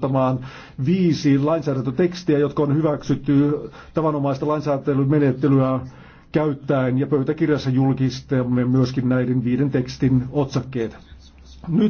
ottamaan viisi lainsäädäntötekstiä, jotka on hyväksytty tavanomaista lainsäädäntömenettelyä käyttäen ja pöytäkirjassa julkistamme myöskin näiden viiden tekstin otsakkeet. Nyt